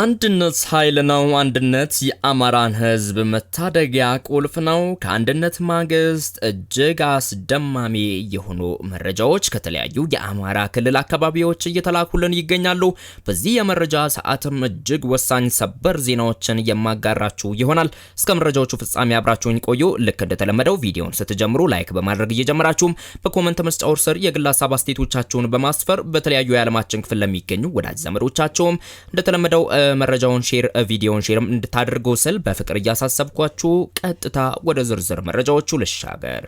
አንድነት ኃይል ነው። አንድነት የአማራን ሕዝብ መታደጊያ ቁልፍ ነው። ከአንድነት ማግስት እጅግ አስደማሚ የሆኑ መረጃዎች ከተለያዩ የአማራ ክልል አካባቢዎች እየተላኩልን ይገኛሉ። በዚህ የመረጃ ሰዓትም እጅግ ወሳኝ ሰበር ዜናዎችን የማጋራችሁ ይሆናል። እስከ መረጃዎቹ ፍጻሜ አብራችሁኝ ቆዩ። ልክ እንደተለመደው ቪዲዮን ስትጀምሩ ላይክ በማድረግ እየጀመራችሁም በኮመንት መስጫው ስር የግል ሀሳብ አስተያየቶቻችሁን በማስፈር በተለያዩ የዓለማችን ክፍል ለሚገኙ ወዳጅ ዘመዶቻችሁም እንደተለመደው መረጃውን ሼር ቪዲዮውን ሼርም እንድታደርጉ ስል በፍቅር እያሳሰብኳችሁ ቀጥታ ወደ ዝርዝር መረጃዎቹ ልሻገር።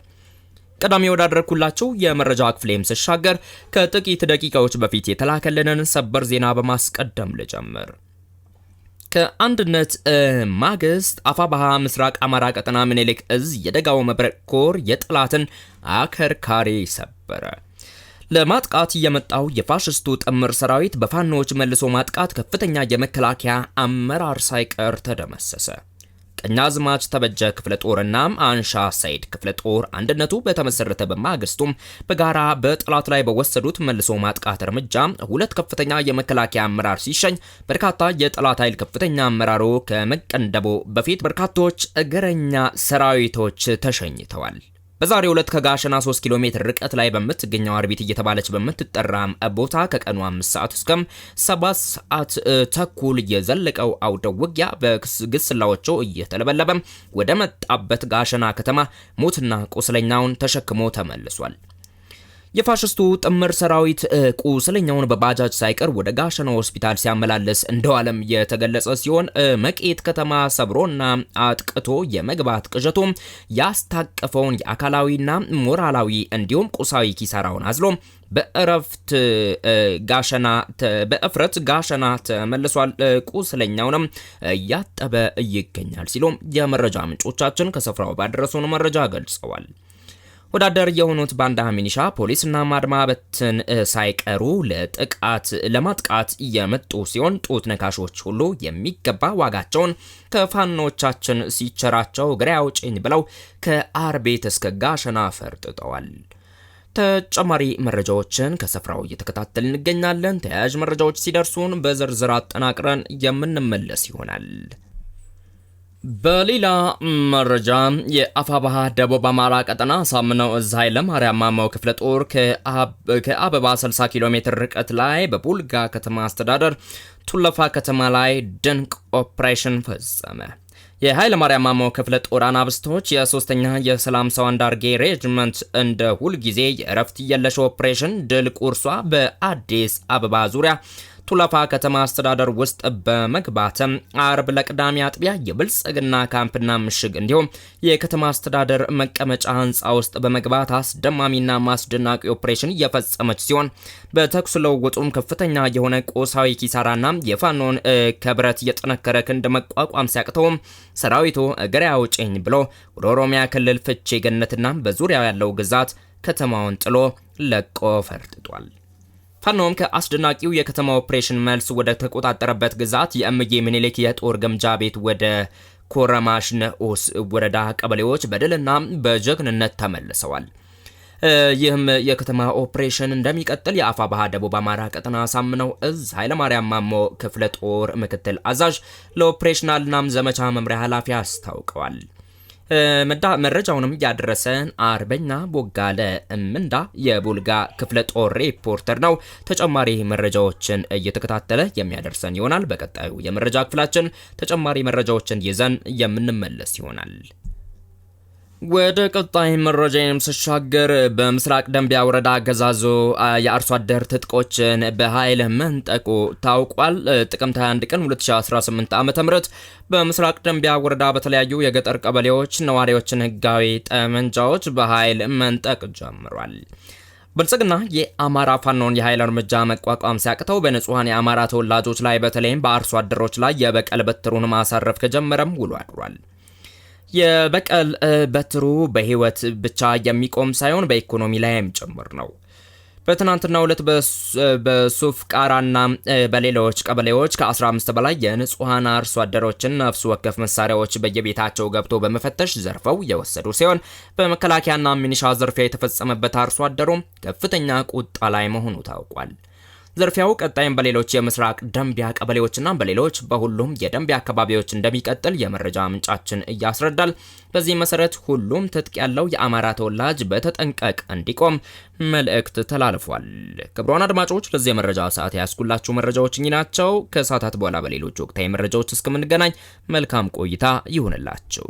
ቀዳሚ ወዳደረግኩላችሁ የመረጃ ክፍሌም ስሻገር ከጥቂት ደቂቃዎች በፊት የተላከልንን ሰበር ዜና በማስቀደም ልጀምር። ከአንድነት ማግስት አፋባሃ ምስራቅ አማራ ቀጠና ምኒልክ እዝ የደጋው መብረቅ ኮር የጠላትን አከርካሪ ሰበረ። ለማጥቃት የመጣው የፋሽስቱ ጥምር ሰራዊት በፋኖዎች መልሶ ማጥቃት ከፍተኛ የመከላከያ አመራር ሳይቀር ተደመሰሰ። ቀኛዝማች ተበጀ ክፍለ ጦርና አንሻ ሰይድ ክፍለ ጦር አንድነቱ በተመሰረተ በማግስቱም በጋራ በጠላት ላይ በወሰዱት መልሶ ማጥቃት እርምጃ ሁለት ከፍተኛ የመከላከያ አመራር ሲሸኝ በርካታ የጠላት ኃይል ከፍተኛ አመራሩ ከመቀንደቡ በፊት በርካቶች እግረኛ ሰራዊቶች ተሸኝተዋል። በዛሬ ዕለት ከጋሸና 3 ኪሎ ሜትር ርቀት ላይ በምትገኘው አርቢት እየተባለች በምትጠራ ቦታ ከቀኑ 5 ሰዓት እስከ 7 ሰዓት ተኩል የዘለቀው አውደ ውጊያ በግስላዎቹ እየተለበለበ ወደ መጣበት ጋሸና ከተማ ሞትና ቁስለኛውን ተሸክሞ ተመልሷል። የፋሽስቱ ጥምር ሰራዊት ቁስለኛውን በባጃጅ ሳይቀር ወደ ጋሸና ሆስፒታል ሲያመላለስ እንደዋለም የተገለጸ ሲሆን መቄት ከተማ ሰብሮና አጥቅቶ የመግባት ቅዠቶ ያስታቀፈውን የአካላዊና ሞራላዊ እንዲሁም ቁሳዊ ኪሳራውን አዝሎ በእረፍት ጋሸና በእፍረት ጋሸና ተመልሷል። ቁስለኛውንም እያጠበ ይገኛል ሲሉም የመረጃ ምንጮቻችን ከስፍራው ባደረሱን መረጃ ገልጸዋል። ወዳደር የሆኑት ባንዳ ሚኒሻ ፖሊስና ማድማ በትን ሳይቀሩ ለጥቃት ለማጥቃት የመጡ ሲሆን ጡት ነካሾች ሁሉ የሚገባ ዋጋቸውን ከፋኖቻችን ሲቸራቸው ግራ አውጪኝ ብለው ከአርቤት እስከ ጋሸና ፈርጥጠዋል። ተጨማሪ መረጃዎችን ከስፍራው እየተከታተል እንገኛለን። ተያያዥ መረጃዎች ሲደርሱን በዝርዝር አጠናቅረን የምንመለስ ይሆናል። በሌላ መረጃ የአፋባሃ ደቡብ አማራ ቀጠና አሳምነው እዝ ኃይለ ማርያም ክፍለ ጦር ከአበባ 60 ኪሎ ሜትር ርቀት ላይ በቡልጋ ከተማ አስተዳደር ቱለፋ ከተማ ላይ ድንቅ ኦፕሬሽን ፈጸመ። የኃይለ ማርያም ማሞ ክፍለ ጦር አናብስቶች የሶስተኛ የሰላም ሰው አንዳርጌ ሬጅመንት እንደ ሁልጊዜ የእረፍት የለሽ ኦፕሬሽን ድል ቁርሷ በአዲስ አበባ ዙሪያ ቱለፋ ከተማ አስተዳደር ውስጥ በመግባትም አርብ ለቅዳሜ አጥቢያ የብልጽግና ካምፕና ምሽግ እንዲሁም የከተማ አስተዳደር መቀመጫ ህንፃ ውስጥ በመግባት አስደማሚና ማስደናቂ ኦፕሬሽን እየፈጸመች ሲሆን በተኩስ ለውውጡም ከፍተኛ የሆነ ቁሳዊ ኪሳራና የፋኖን ከብረት የጠነከረ ክንድ መቋቋም ሲያቅተው ሰራዊቱ እግሬ አውጪኝ ብሎ ወደ ኦሮሚያ ክልል ፍቼ ገነትና በዙሪያው ያለው ግዛት ከተማውን ጥሎ ለቆ ፈርጥጧል። ፋኖም ከአስደናቂው የከተማ ኦፕሬሽን መልስ ወደ ተቆጣጠረበት ግዛት የእምዬ ምኒልክ የጦር ግምጃ ቤት ወደ ኮረማሽ ነኦስ ወረዳ ቀበሌዎች በድልና በጀግንነት ተመልሰዋል። ይህም የከተማ ኦፕሬሽን እንደሚቀጥል የአፋ ባህር ደቡብ አማራ ቀጠና ሳምነው እዝ ኃይለማርያም ማሞ ክፍለ ጦር ምክትል አዛዥ ለኦፕሬሽናል ዘመቻ መምሪያ ኃላፊ አስታውቀዋል። መረጃውንም ያደረሰን አርበኛ ቦጋለ እምንዳ የቡልጋ ክፍለ ጦር ሪፖርተር ነው። ተጨማሪ መረጃዎችን እየተከታተለ የሚያደርሰን ይሆናል። በቀጣዩ የመረጃ ክፍላችን ተጨማሪ መረጃዎችን ይዘን የምንመለስ ይሆናል። ወደ ቀጣይ መረጃ ስሻገር በምስራቅ ደንቢያ ወረዳ አገዛዙ የአርሶ አደር ትጥቆችን በኃይል መንጠቁ ታውቋል። ጥቅምት 21 ቀን 2018 ዓ ም በምስራቅ ደንቢያ ወረዳ በተለያዩ የገጠር ቀበሌዎች ነዋሪዎችን ህጋዊ ጠመንጃዎች በኃይል መንጠቅ ጀምሯል። ብልጽግና የአማራ ፋኖን የኃይል እርምጃ መቋቋም ሲያቅተው በንጹሐን የአማራ ተወላጆች ላይ በተለይም በአርሶ አደሮች ላይ የበቀል በትሩን ማሳረፍ ከጀመረም ውሎ አድሯል። የበቀል በትሩ በህይወት ብቻ የሚቆም ሳይሆን በኢኮኖሚ ላይም ጭምር ነው። በትናንትና ሁለት በሱፍ ቃራና በሌሎች ቀበሌዎች ከ15 በላይ የንጹሐን አርሶ አደሮችን ነፍስ ወከፍ መሳሪያዎች በየቤታቸው ገብቶ በመፈተሽ ዘርፈው የወሰዱ ሲሆን በመከላከያና ሚኒሻ ዘርፊያ የተፈጸመበት አርሶ አደሩም ከፍተኛ ቁጣ ላይ መሆኑ ታውቋል። ዝርፊያው ቀጣይም በሌሎች የምስራቅ ደንቢያ ቀበሌዎችና በሌሎች በሁሉም የደንቢያ አካባቢዎች እንደሚቀጥል የመረጃ ምንጫችን እያስረዳል። በዚህ መሰረት ሁሉም ትጥቅ ያለው የአማራ ተወላጅ በተጠንቀቅ እንዲቆም መልእክት ተላልፏል። ክቡራን አድማጮች ለዚህ የመረጃ ሰዓት ያስኩላችሁ መረጃዎች እኚህ ናቸው። ከሰዓታት በኋላ በሌሎች ወቅታዊ መረጃዎች እስከምንገናኝ መልካም ቆይታ ይሁንላችሁ።